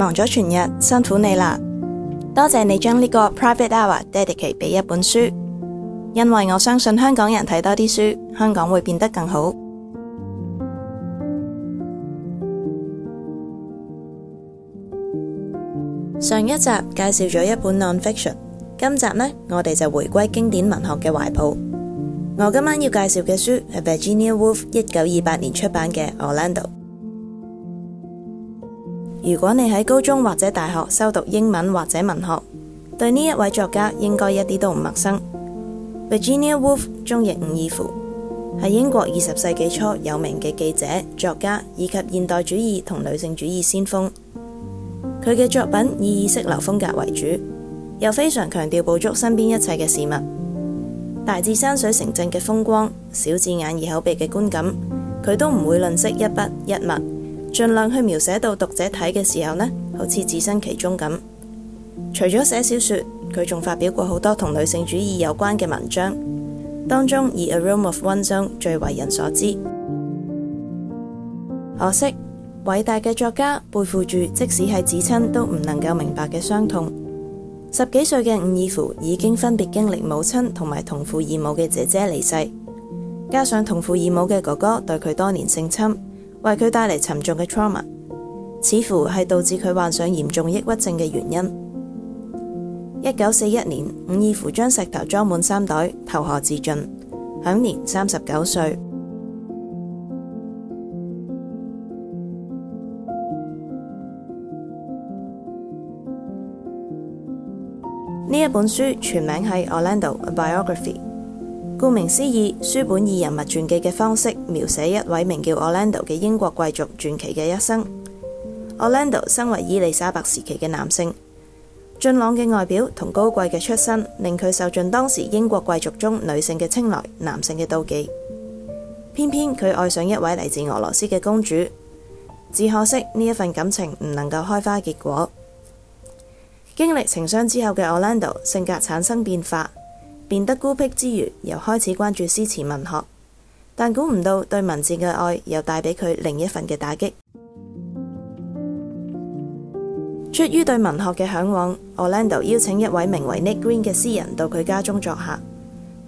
忙咗全日，辛苦你啦！多謝你將呢個 private hour dedicate 俾一本書，因為我相信香港人睇多啲書，香港會變得更好。上一集介紹咗一本 non-fiction，今集呢我哋就回歸經典文學嘅懷抱。我今晚要介紹嘅書係 Virginia Woolf 一九二八年出版嘅《Orlando》。如果你喺高中或者大學修讀英文或者文學，對呢一位作家應該一啲都唔陌生。Virginia Woolf，中譯伍爾夫係英國二十世紀初有名嘅記者、作家以及現代主義同女性主義先鋒。佢嘅作品以意識流風格為主，又非常強調捕捉身邊一切嘅事物，大至山水城鎮嘅風光，小至眼耳口鼻嘅觀感，佢都唔會吝嗇一筆一物。盡量去描寫到讀者睇嘅時候呢，好似置身其中咁。除咗寫小說，佢仲發表過好多同女性主義有關嘅文章，當中以《A Room of One's Own》最為人所知。可惜偉大嘅作家背負住，即使係至親都唔能夠明白嘅傷痛。十幾歲嘅伍爾芙已經分別經歷母親同埋同父異母嘅姐姐離世，加上同父異母嘅哥哥對佢多年性侵。為佢帶嚟沉重嘅 trauma，似乎係導致佢患上嚴重抑鬱症嘅原因。一九四一年，伍爾夫將石頭裝滿三袋，投河自盡，享年三十九歲。呢一本書全名係《Orlando: A Biography》。顧名思義，書本以人物傳記嘅方式描寫一位名叫 Orlando 嘅英國貴族傳奇嘅一生。Orlando 身為伊利沙伯時期嘅男性，俊朗嘅外表同高貴嘅出身令佢受盡當時英國貴族中女性嘅青睞，男性嘅妒忌。偏偏佢愛上一位嚟自俄羅斯嘅公主，只可惜呢一份感情唔能夠開花結果。經歷情傷之後嘅 Orlando 性格產生變化。變得孤僻之餘，又開始關注詩詞文學，但估唔到對文字嘅愛又帶俾佢另一份嘅打擊。 出於對文學嘅向往，Orlando 邀請一位名為 Nick Green 嘅詩人到佢家中作客，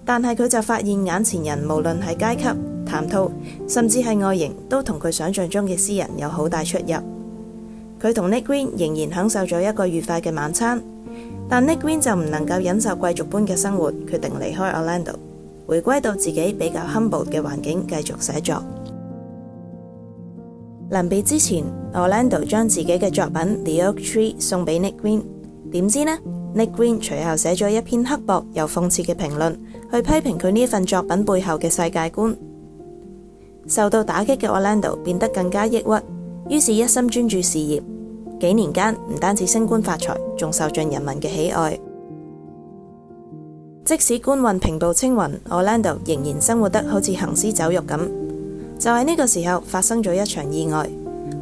但係佢就發現眼前人無論係階級、談吐，甚至係外形，都同佢想象中嘅詩人有好大出入。佢同 Nick Green 仍然享受咗一個愉快嘅晚餐。但 Nick Green 就唔能夠忍受貴族般嘅生活，決定離開 Orlando，回歸到自己比較 humble 嘅環境繼續寫作。臨別之前，Orlando 將自己嘅作品《The Oak Tree》送俾 Nick Green，點知呢？Nick Green 隨後寫咗一篇刻薄又諷刺嘅評論，去批評佢呢份作品背後嘅世界觀。受到打擊嘅 Orlando 變得更加抑鬱，於是一心專注事業。幾年間唔單止升官發財，仲受盡人民嘅喜愛。即使官運平步青雲，Orlando 仍然生活得好似行屍走肉咁。就喺呢個時候發生咗一場意外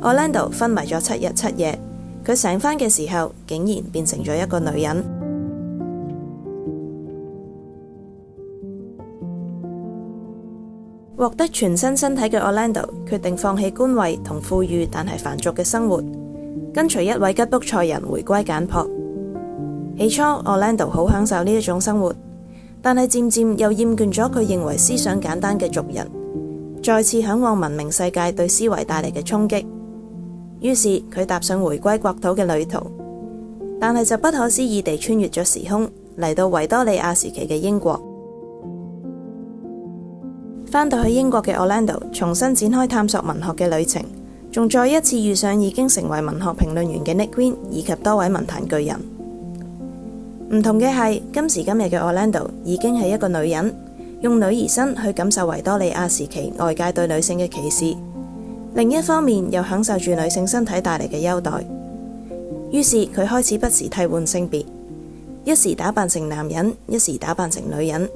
，Orlando 昏迷咗七日七夜。佢醒返嘅時候，竟然變成咗一個女人。獲得全新身、身體嘅 Orlando 決定放棄官位同富裕，但係繁俗嘅生活。跟隨一位吉卜賽人回歸簡朴，起初 Orlando 好享受呢一種生活，但係漸漸又厭倦咗佢認為思想簡單嘅族人，再次向往文明世界對思維帶嚟嘅衝擊。於是佢踏上回歸國土嘅旅途，但係就不可思議地穿越咗時空，嚟到維多利亞時期嘅英國。返到去英國嘅 Orlando 重新展開探索文學嘅旅程。仲再一次遇上已經成為文學評論員嘅 Nick Green 以及多位文壇巨人。唔同嘅係，今時今日嘅 Orlando 已經係一個女人，用女兒身去感受維多利亞時期外界對女性嘅歧視；另一方面又享受住女性身體帶嚟嘅優待。於是佢開始不時替換性別，一時打扮成男人，一時打扮成女人。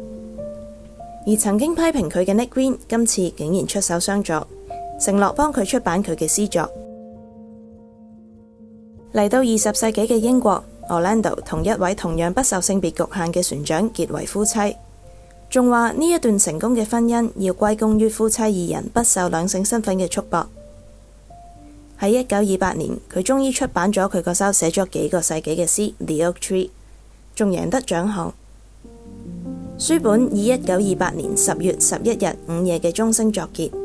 而曾經批評佢嘅 Nick Green，今次竟然出手相助。承諾幫佢出版佢嘅詩作。嚟到二十世紀嘅英國，Orlando 同一位同樣不受性別局限嘅船長結為夫妻，仲話呢一段成功嘅婚姻要歸功於夫妻二人不受兩性身份嘅束縛。喺一九二八年，佢終於出版咗佢嗰首寫咗幾個世紀嘅詩《The Oak Tree》，仲贏得獎項。書本以一九二八年十月十一日午夜嘅鐘聲作結。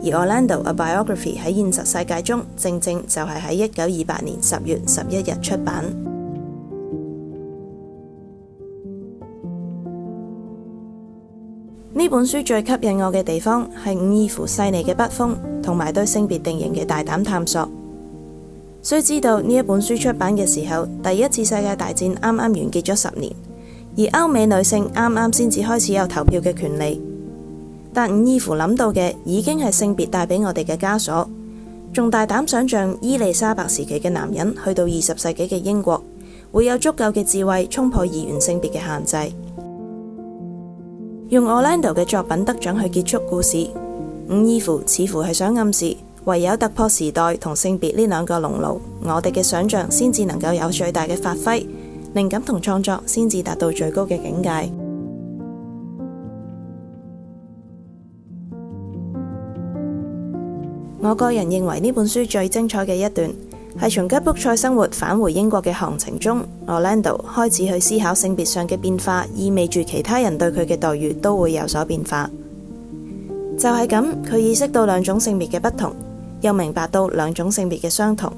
而《奧蘭多》《A Biography》喺現實世界中，正正就係喺一九二八年十月十一日出版。呢 本書最吸引我嘅地方，係伍爾芙細膩嘅筆鋒，同埋對性別定型嘅大膽探索。需知道，呢一本書出版嘅時候，第一次世界大戰啱啱完結咗十年，而歐美女性啱啱先至開始有投票嘅權利。但伍爾芙諗到嘅已經係性別帶俾我哋嘅枷鎖，仲大膽想象伊麗莎白時期嘅男人去到二十世紀嘅英國，會有足夠嘅智慧衝破二元性別嘅限制。用 Orlando 嘅作品得獎去結束故事，伍爾芙似乎係想暗示，唯有突破時代同性別呢兩個籠牢，我哋嘅想象先至能夠有最大嘅發揮，靈感同創作先至達到最高嘅境界。我個人認為呢本書最精彩嘅一段係從吉卜賽生活返回英國嘅行程中，Orlando 開始去思考性別上嘅變化，意味住其他人對佢嘅待遇都會有所變化。就係咁，佢意識到兩種性別嘅不同，又明白到兩種性別嘅相同。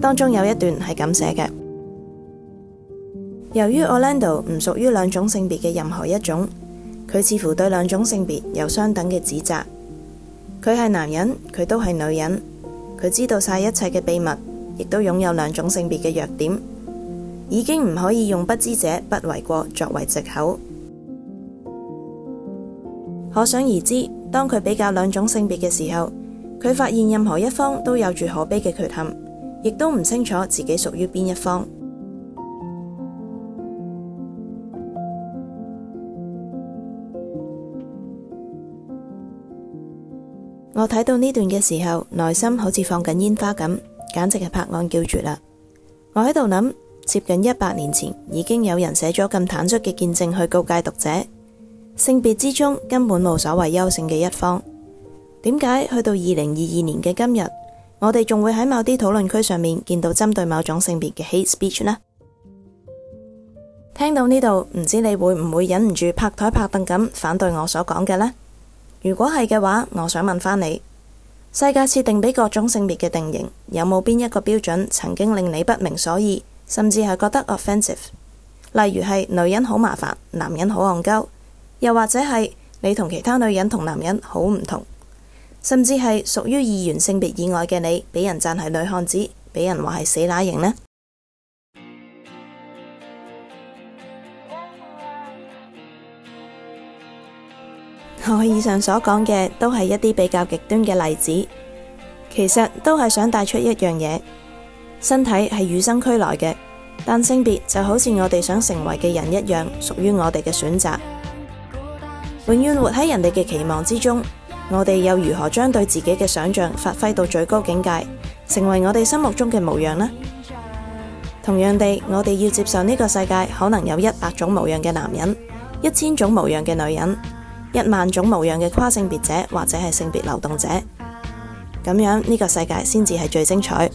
當中有一段係咁寫嘅：由於 Orlando 唔屬於兩種性別嘅任何一種，佢似乎對兩種性別有相等嘅指責。佢係男人，佢都係女人，佢知道晒一切嘅秘密，亦都擁有兩種性別嘅弱點，已經唔可以用不知者不為過作為藉口。 可想而知，當佢比較兩種性別嘅時候，佢發現任何一方都有住可悲嘅缺陷，亦都唔清楚自己屬於邊一方。我睇到呢段嘅時候，內心好似放緊煙花咁，簡直係拍案叫絕啦！我喺度諗，接近一百年前已經有人寫咗咁坦率嘅見證去告誡讀者，性別之中根本冇所謂優勝嘅一方。點解去到二零二二年嘅今日，我哋仲會喺某啲討論區上面見到針對某種性別嘅 hate speech 呢？聽到呢度，唔知你會唔會忍唔住拍台拍凳咁反對我所講嘅呢？如果係嘅話，我想問返你：世界設定俾各種性別嘅定型，有冇邊一個標準曾經令你不明所以，甚至係覺得 offensive？例如係女人好麻煩，男人好戇鳩，又或者係你同其他女人同男人好唔同，甚至係屬於二元性別以外嘅你，俾人讚係女漢子，俾人話係死乸型呢？同佢以上所講嘅都係一啲比較極端嘅例子，其實都係想帶出一樣嘢：身體係與生俱來嘅，但性別就好似我哋想成為嘅人一樣，屬於我哋嘅選擇。永遠活喺人哋嘅期望之中，我哋又如何將對自己嘅想象發揮到最高境界，成為我哋心目中嘅模樣呢？同樣地，我哋要接受呢個世界可能有一百種模樣嘅男人，一千種模樣嘅女人。一萬種模樣嘅跨性別者或者係性別流動者，咁樣呢個世界先至係最精彩。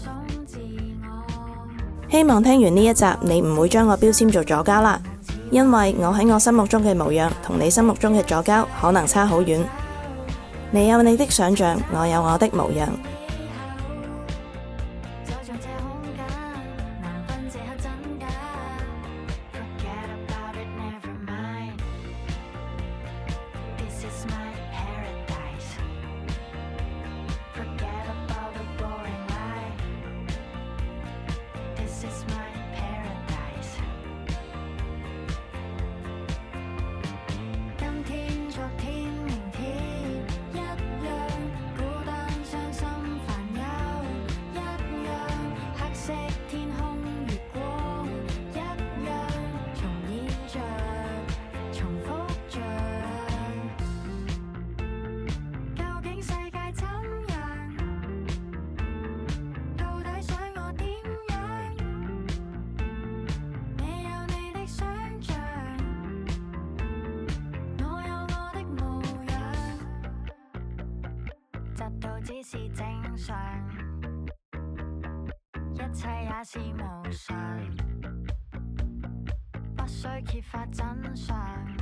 希望聽完呢一集，你唔會將我標籤做左膠啦，因為我喺我心目中嘅模樣同你心目中嘅左膠可能差好遠。你有你的想象，我有我的模樣。是正常，一切也是無常，不需揭發真相。